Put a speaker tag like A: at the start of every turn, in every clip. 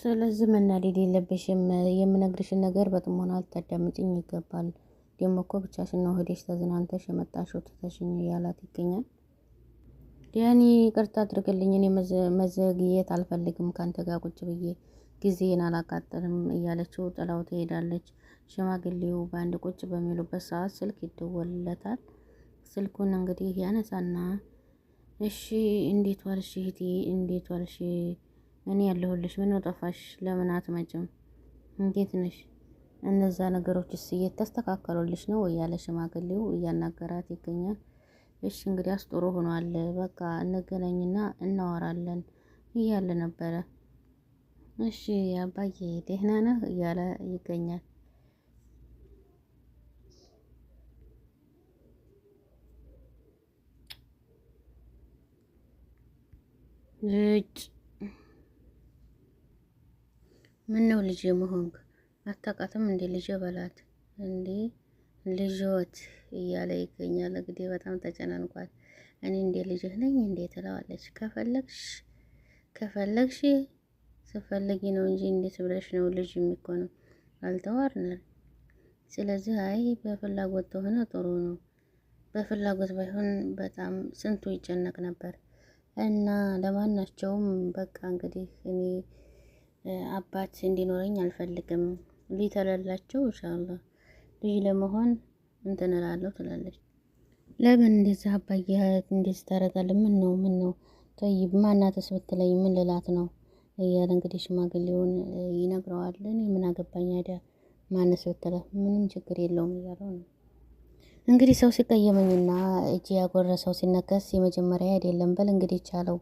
A: ስለዚህ መናደድ የለብሽም። የምነግርሽን ነገር በጥሞና ልታዳምጪኝ ይገባል። ደግሞ እኮ ብቻሽን ነው ሄደሽ ተዝናንተሽ የመጣሽው ትተሽኝ እያላት ይገኛል። ዲያኒ ቅርታ አድርግልኝ፣ እኔ መዘግየት አልፈልግም ከአንተ ጋር ቁጭ ብዬ ጊዜን አላቃጥልም እያለችው ጥላው ትሄዳለች። ሽማግሌው በአንድ ቁጭ በሚሉበት ሰዓት ስልክ ይደወልለታል። ስልኩን እንግዲህ ያነሳና እሺ እንዴት ዋልሽ እህቴ እንዴት ዋልሽ እኔ ያለሁልሽ። ምን ጠፋሽ? ለምን አትመጭም? እንዴት ነሽ? እነዛ ነገሮችስ እየተስተካከሉልሽ ነው እያለ ሽማግሌው እያናገራት ይገኛል። እሺ እንግዲያስ ጥሩ ሆኗል፣ በቃ እንገናኝና እናወራለን እያለ ነበረ። እሺ አባዬ ደህና ነህ እያለ ይገኛል። እጭ ምን ነው ልጄ መሆንክ አታውቃትም እንዴ ልጄ በላት እንዴ ልጆት እያለ ይገኛል። እንግዲህ በጣም ተጨናንቋል። እኔ እንዴ ልጅህ ነኝ እንዴ ትለዋለች። ከፈለግሽ ከፈለግሽ ስፈልጊ ነው እንጂ እንዴት ብለሽ ነው ልጅ የሚኮነው? አልተዋርነን። ስለዚህ አይ በፍላጎት ተሆነ ጥሩ ነው። በፍላጎት ባይሆን በጣም ስንቱ ይጨነቅ ነበር። እና ለማናቸውም በቃ እንግዲህ እኔ አባት እንዲኖረኝ አልፈልግም። ልጅ ተላላቸው ይሻላ ልጅ ለመሆን እንትን እላለሁ ትላለች። ለምን እንደዚህ አባዬ እንደዚህ ታደርጋለህ? ምን ነው ምን ነው ጠይብ ማናተስ ብትለኝ ምን ልላት ነው እያለ እንግዲህ ሽማግሌውን ይነግረዋል። እኔ ምን አገባኝ ታዲያ ማነስ ብትላት ምንም ችግር የለውም እያለው ነው እንግዲህ ሰው ሲቀየመኝና እጅ ያጎረሰው ሲነከስ የመጀመሪያ አይደለም በል እንግዲህ ቻለው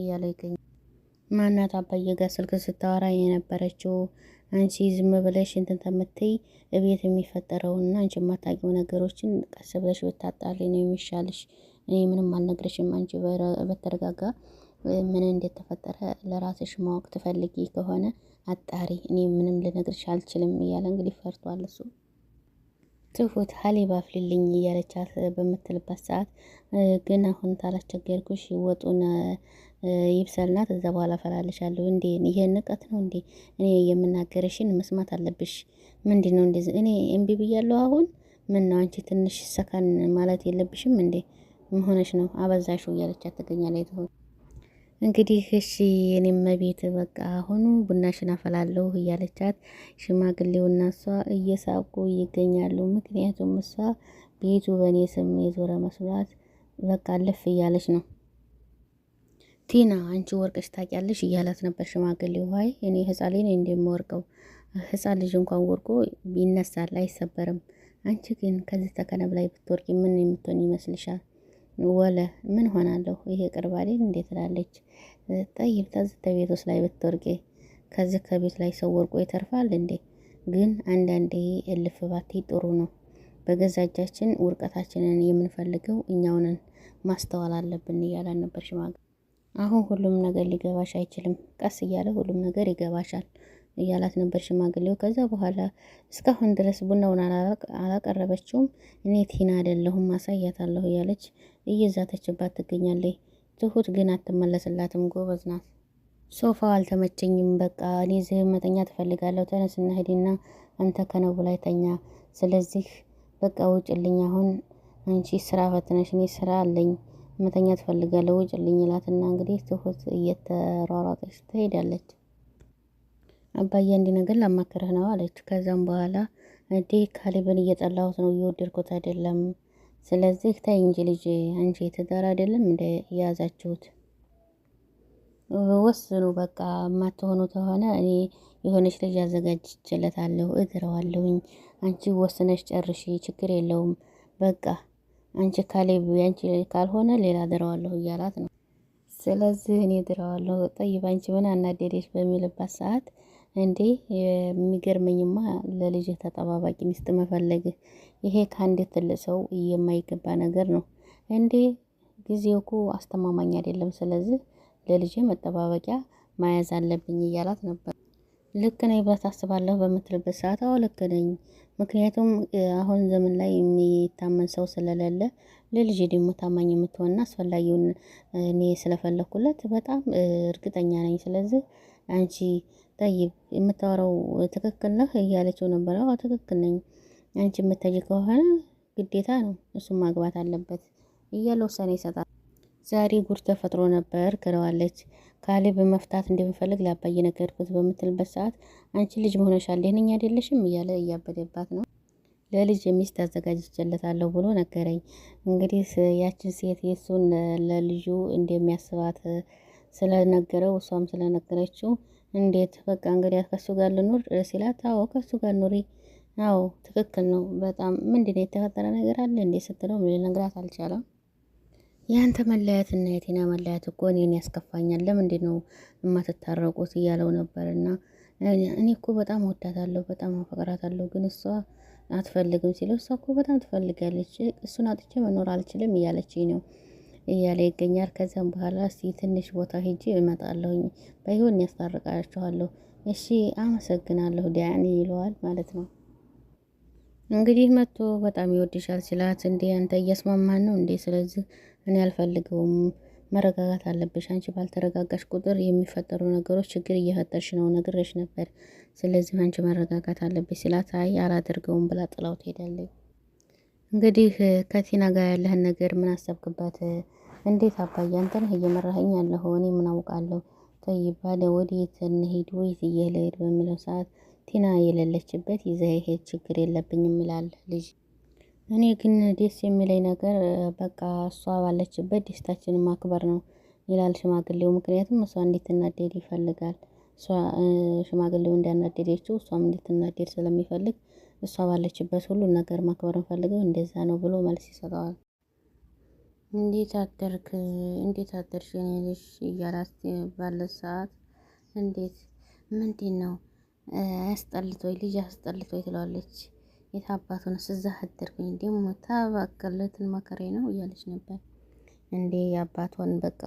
A: እያለው ይገኛል። ማናት አባዬ ጋር ስልክ ስታወራ የነበረችው አንቺ ዝም ብለሽ እንትን ተምትይ እቤት የሚፈጠረውና አንቺ የማታውቂው ነገሮችን ቀስ ብለሽ ብታጣሪ ነው የሚሻልሽ። እኔ ምንም አልነግርሽም። አንቺ በተረጋጋ ምን እንዴት ተፈጠረ ለራስሽ ማወቅ ትፈልጊ ከሆነ አጣሪ። እኔ ምንም ልነግርሽ አልችልም እያለ እንግዲህ ፈርቷል እሱ። ትሁት ሀሊባ አፍልልኝ እያለቻት በምትልበት ሰዓት ግን አሁን ታላስቸገርኩሽ ወጡን ይብሰልና ከዛ በኋላ ፈላልሻለሁ። እንዴ ይሄ ንቀት ነው እንዴ? እኔ የምናገርሽን መስማት አለብሽ። ምንድን ነው እንደዚህ? እኔ እምቢ ብያለሁ። አሁን ምን ነው አንቺ ትንሽ ሰከን ማለት የለብሽም እንዴ? መሆነሽ ነው አበዛሽው እያለቻት ትገኛለች። እንግዲህ እሺ የኔም መቤት በቃ አሁኑ ቡናሽን አፈላለሁ እያለቻት ሽማግሌውና እሷ እየሳቁ ይገኛሉ። ምክንያቱም እሷ ቤቱ በእኔ ስም የዞረ መስሏት በቃ ልፍ እያለች ነው። ቲና አንቺ ወርቅሽ ታውቂያለሽ እያላት ነበር ሽማግሌው። ሀይ እኔ ህፃን ልጅ ነው እንደምወርቀው ህፃን ልጅ እንኳን ወርቆ ይነሳል አይሰበርም። አንቺ ግን ከዚህ ተከነብ ላይ ብትወርቂ ምን የምትሆን ይመስልሻል? ወለ ምን ሆናለሁ ይሄ ቅርባሌን እንዴት ላለች ጠይብ ተዝ ተቤት ውስጥ ላይ ብትወርቂ ከዚህ ከቤት ላይ ሰው ወርቆ ይተርፋል እንዴ? ግን አንዳንዴ እልፍ ባቴ ጥሩ ነው። በገዛ እጃችን ውርቀታችንን የምንፈልገው እኛውንን ማስተዋል አለብን እያላን ነበር ሽማግሌ አሁን ሁሉም ነገር ሊገባሽ አይችልም፣ ቀስ እያለ ሁሉም ነገር ይገባሻል እያላት ነበር ሽማግሌው። ከዛ በኋላ እስካሁን ድረስ ቡናውን አላቀረበችውም። እኔ ቲና አይደለሁም አሳያታለሁ እያለች እየዛተችባት ትገኛለች። ትሁት ግን አትመለስላትም። ጎበዝ ናት። ሶፋው አልተመቸኝም፣ በቃ እኔ እዚህ መተኛ ትፈልጋለሁ። ተነስና ሂድና አንተ ከነቡ ላይ ተኛ። ስለዚህ በቃ ውጭልኝ። አሁን አንቺ ስራ ፈትነሽ፣ እኔ ስራ አለኝ መተኛ ትፈልጋለህ ውጭልኝ ላትና እንግዲህ ትሁት እየተሯሯጠች ትሄዳለች። አባዬ አንድ ነገር ላማክርህ ነው አለች። ከዛም በኋላ እንዴ ካሌብን እየጠላሁት ነው እየወደድኩት አይደለም። ስለዚህ ታይ እንጂ ልጅ አንቺ ትዳር አይደለም እንደ ያዛችሁት ወስኑ በቃ የማትሆኑ ከሆነ እኔ የሆነች ልጅ አዘጋጅቼለታለሁ እድረዋለሁኝ። አንቺ ወስነሽ ጨርሺ ችግር የለውም በቃ አንቺ ካሌብ ያንቺ ካልሆነ ሌላ ድረዋለሁ እያላት ነው። ስለዚህ እኔ ድረዋለሁ ጠይብ አንቺ ምን አናደደሽ በሚልባት ሰዓት እንዴ የሚገርመኝማ ለልጅ ተጠባባቂ ሚስት መፈለግ ይሄ ከአንድ ትልቅ ሰው የማይገባ ነገር ነው። እንዴ ጊዜው እኮ አስተማማኝ አይደለም። ስለዚህ ለልጄ መጠባበቂያ መያዝ አለብኝ እያላት ነበር። ልክ ነኝ ብላ ታስባለሁ በምትልበት ሰዓት አዎ ልክ ነኝ። ምክንያቱም አሁን ዘመን ላይ የሚታመን ሰው ስለሌለ ለልጅ ደግሞ ታማኝ የምትሆንና አስፈላጊውን እኔ ስለፈለኩለት በጣም እርግጠኛ ነኝ። ስለዚህ አንቺ ጠይብ የምታወራው ትክክል ነህ እያለችው ነበረ። አዎ ትክክል ነኝ። አንቺ የምትሄጂው ከሆነ ግዴታ ነው እሱም ማግባት አለበት እያለ ውሳኔ ይሰጣል ዛሬ ጉር ተፈጥሮ ነበር ክለዋለች ካሌብ መፍታት እንደምፈልግ ለአባዬ ነገርኩት በምትልበት ሰዓት አንቺ ልጅ መሆነሻል ይህንኛ አይደለሽም እያለ እያበደባት ነው። ለልጅ የሚስት አዘጋጅቼለታለሁ ብሎ ነገረኝ። እንግዲህ ያችን ሴት የሱን ለልጁ እንደሚያስባት ስለነገረው እሷም ስለነገረችው እንዴት በቃ እንግዲህ ከሱ ጋር ልኑር ሲላት፣ አዎ ከሱ ጋር ኑሪ፣ አዎ ትክክል ነው። በጣም ምንድን ነው የተፈጠረ ነገር አለ እንዴ ስትለው ምን ልነግራት አልቻለም። ያንተ መለያት እና የቴና መለያት እኮ እኔን ያስከፋኛል። ለምንድን ነው የማትታረቁት? እያለው ነበር እና እኔ እኮ በጣም ወዳታለሁ፣ በጣም አፈቅራታለሁ፣ ግን እሷ አትፈልግም ሲለው እሷ እኮ በጣም ትፈልጋለች፣ እሱን አጥቼ መኖር አልችልም እያለች ነው እያለ ይገኛል። ከዚያም በኋላ እስቲ ትንሽ ቦታ ሄጄ እመጣለሁኝ፣ በይሆን ያስታርቃችኋለሁ፣ እሺ አመሰግናለሁ ዲያን ይለዋል ማለት ነው። እንግዲህ መጥቶ በጣም ይወድሻል ሲላት፣ እንዴ አንተ እያስማማን ነው እንዴ? ስለዚህ እኔ አልፈልገውም። መረጋጋት አለብሽ። አንቺ ባልተረጋጋሽ ቁጥር የሚፈጠሩ ነገሮች ችግር እየፈጠርሽ ነው፣ ነግሬሽ ነበር። ስለዚህ አንቺ መረጋጋት አለብሽ ሲላት፣ አይ አላደርገውም ብላ ጥላው ትሄዳለች። እንግዲህ ከቲና ጋር ያለህን ነገር ምን አሰብክበት? እንዴት አባዬ ነህ እየመራኸኝ ያለኸው እኔ ምን አውቃለሁ? ተይ ባለ ወዴት እንሂድ ወይስ እየሄድ በሚለው ሰዓት ቲና የሌለችበት ይዛ ይሄድ ችግር የለብኝም ይላል ልጅ። እኔ ግን ደስ የሚለኝ ነገር በቃ እሷ ባለችበት ደስታችን ማክበር ነው ይላል ሽማግሌው። ምክንያቱም እሷ እንድትናደድ ይፈልጋል። ሽማግሌው እንዳናደደችው እሷም እንድትናደድ ስለሚፈልግ እሷ ባለችበት ሁሉ ነገር ማክበር እንፈልገው እንደዛ ነው ብሎ መልስ ይሰጠዋል። እንዴት አደርክ እንዴት አደርሽ ልጅ እያላት ባለ ሰዓት እንዴት ምንድን ነው አያስጠልቶኝ ልጅ አያስጠልቶኝ ትለዋለች። የት አባቱን ስዛ አደርኩኝ ደግሞ ታባከለትን መከሬ ነው እያለች ነበር። እንዴ አባቷን በቃ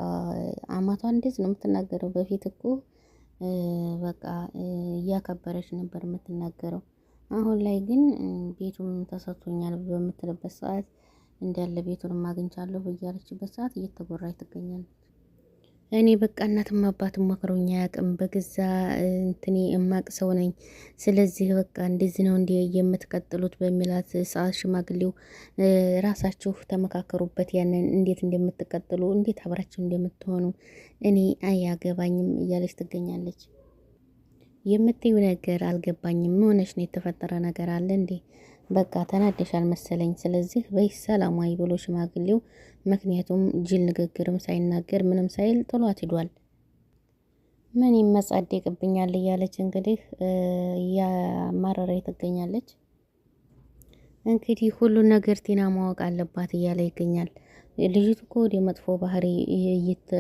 A: አማቷን እንዴት ነው የምትናገረው። በፊት እኮ በቃ እያከበረች ነበር የምትናገረው። አሁን ላይ ግን ቤቱም ተሰጥቶኛል በምትልበት ሰዓት እንዳለ ቤቱንም አግኝቻለሁ እያለችበት ሰዓት እየተጎራች ትገኛለች። እኔ በቃ እናትም አባትም መክረውኝ አያውቅም። በገዛ እንትኔ እማቅ ሰው ነኝ። ስለዚህ በቃ እንደዚህ ነው እንዲ የምትቀጥሉት በሚላት ሰዓት ሽማግሌው ራሳችሁ ተመካከሩበት ያንን እንዴት እንደምትቀጥሉ እንዴት አብራችሁ እንደምትሆኑ እኔ አያገባኝም እያለች ትገኛለች። የምትዩ ነገር አልገባኝም። ሆነች ነው የተፈጠረ ነገር አለ እንዴ? በቃ ተናደሻል መሰለኝ፣ ስለዚህ በይ ሰላማዊ ብሎ ሽማግሌው፣ ምክንያቱም ጅል ንግግርም ሳይናገር ምንም ሳይል ጥሏት ሂዷል። ምን ይመጻደቅብኛል እያለች እንግዲህ እያማረረች ትገኛለች። እንግዲህ ሁሉን ነገር ቲና ማወቅ አለባት እያለ ይገኛል። ልጅቱ እኮ ወደ መጥፎ ባህሪ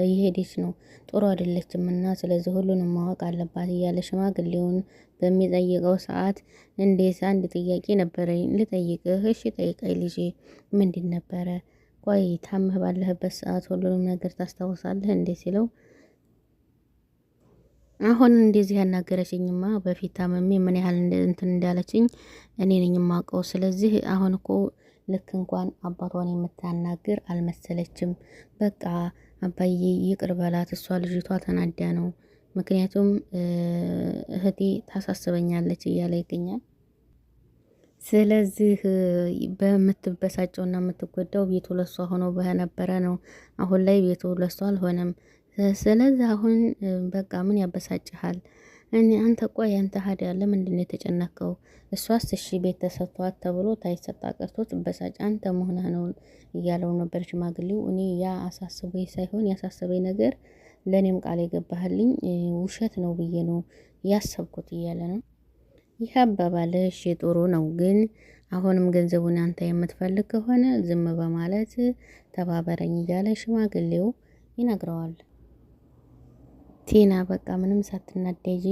A: እየሄደች ነው፣ ጥሩ አይደለችም እና ስለዚህ ሁሉንም ማወቅ አለባት እያለ ሽማግሌውን በሚጠይቀው ሰዓት እንዴት አንድ ጥያቄ ነበረኝ ልጠይቅህ። እሺ ጠይቀኝ ልጄ። ምንድን ነበረ? ቆይ ታምህ ባለህበት ሰዓት ሁሉንም ነገር ታስታውሳለህ እንዴ ሲለው አሁን እንደዚህ ያናገረችኝማ በፊት ታመሜ ምን ያህል እንትን እንዳለችኝ እኔ ነኝ የማውቀው። ስለዚህ አሁን እኮ ልክ እንኳን አባቷን የምታናግር አልመሰለችም። በቃ አባዬ ይቅር በላት፣ እሷ ልጅቷ ተናዳ ነው ምክንያቱም እህቴ ታሳስበኛለች እያለ ይገኛል። ስለዚህ በምትበሳጨው በምትበሳጨውና የምትጎዳው ቤቱ ለሷ ሆኖ በነበረ ነው። አሁን ላይ ቤቱ ለሷ አልሆነም። ስለዚህ አሁን በቃ ምን ያበሳጭሃል? እኔ አንተ ቆይ አንተ ሀዲያ ለምንድን ነው የተጨነከው? እሷስ እሺ ቤት ተሰጥቷት ተብሎ ታይሰጣ ቀርቶ ትበሳጭ አንተ መሆንህ ነው እያለው ነበር ሽማግሌው። እኔ ያ አሳስቦኝ ሳይሆን ያሳስበኝ ነገር ለእኔም ቃል የገባህልኝ ውሸት ነው ብዬ ነው ያሰብኩት እያለ ነው። ይህ አባባልሽ ጥሩ ነው፣ ግን አሁንም ገንዘቡን አንተ የምትፈልግ ከሆነ ዝም በማለት ተባበረኝ እያለ ሽማግሌው ይነግረዋል። ቲና በቃ ምንም ሳትናደጂ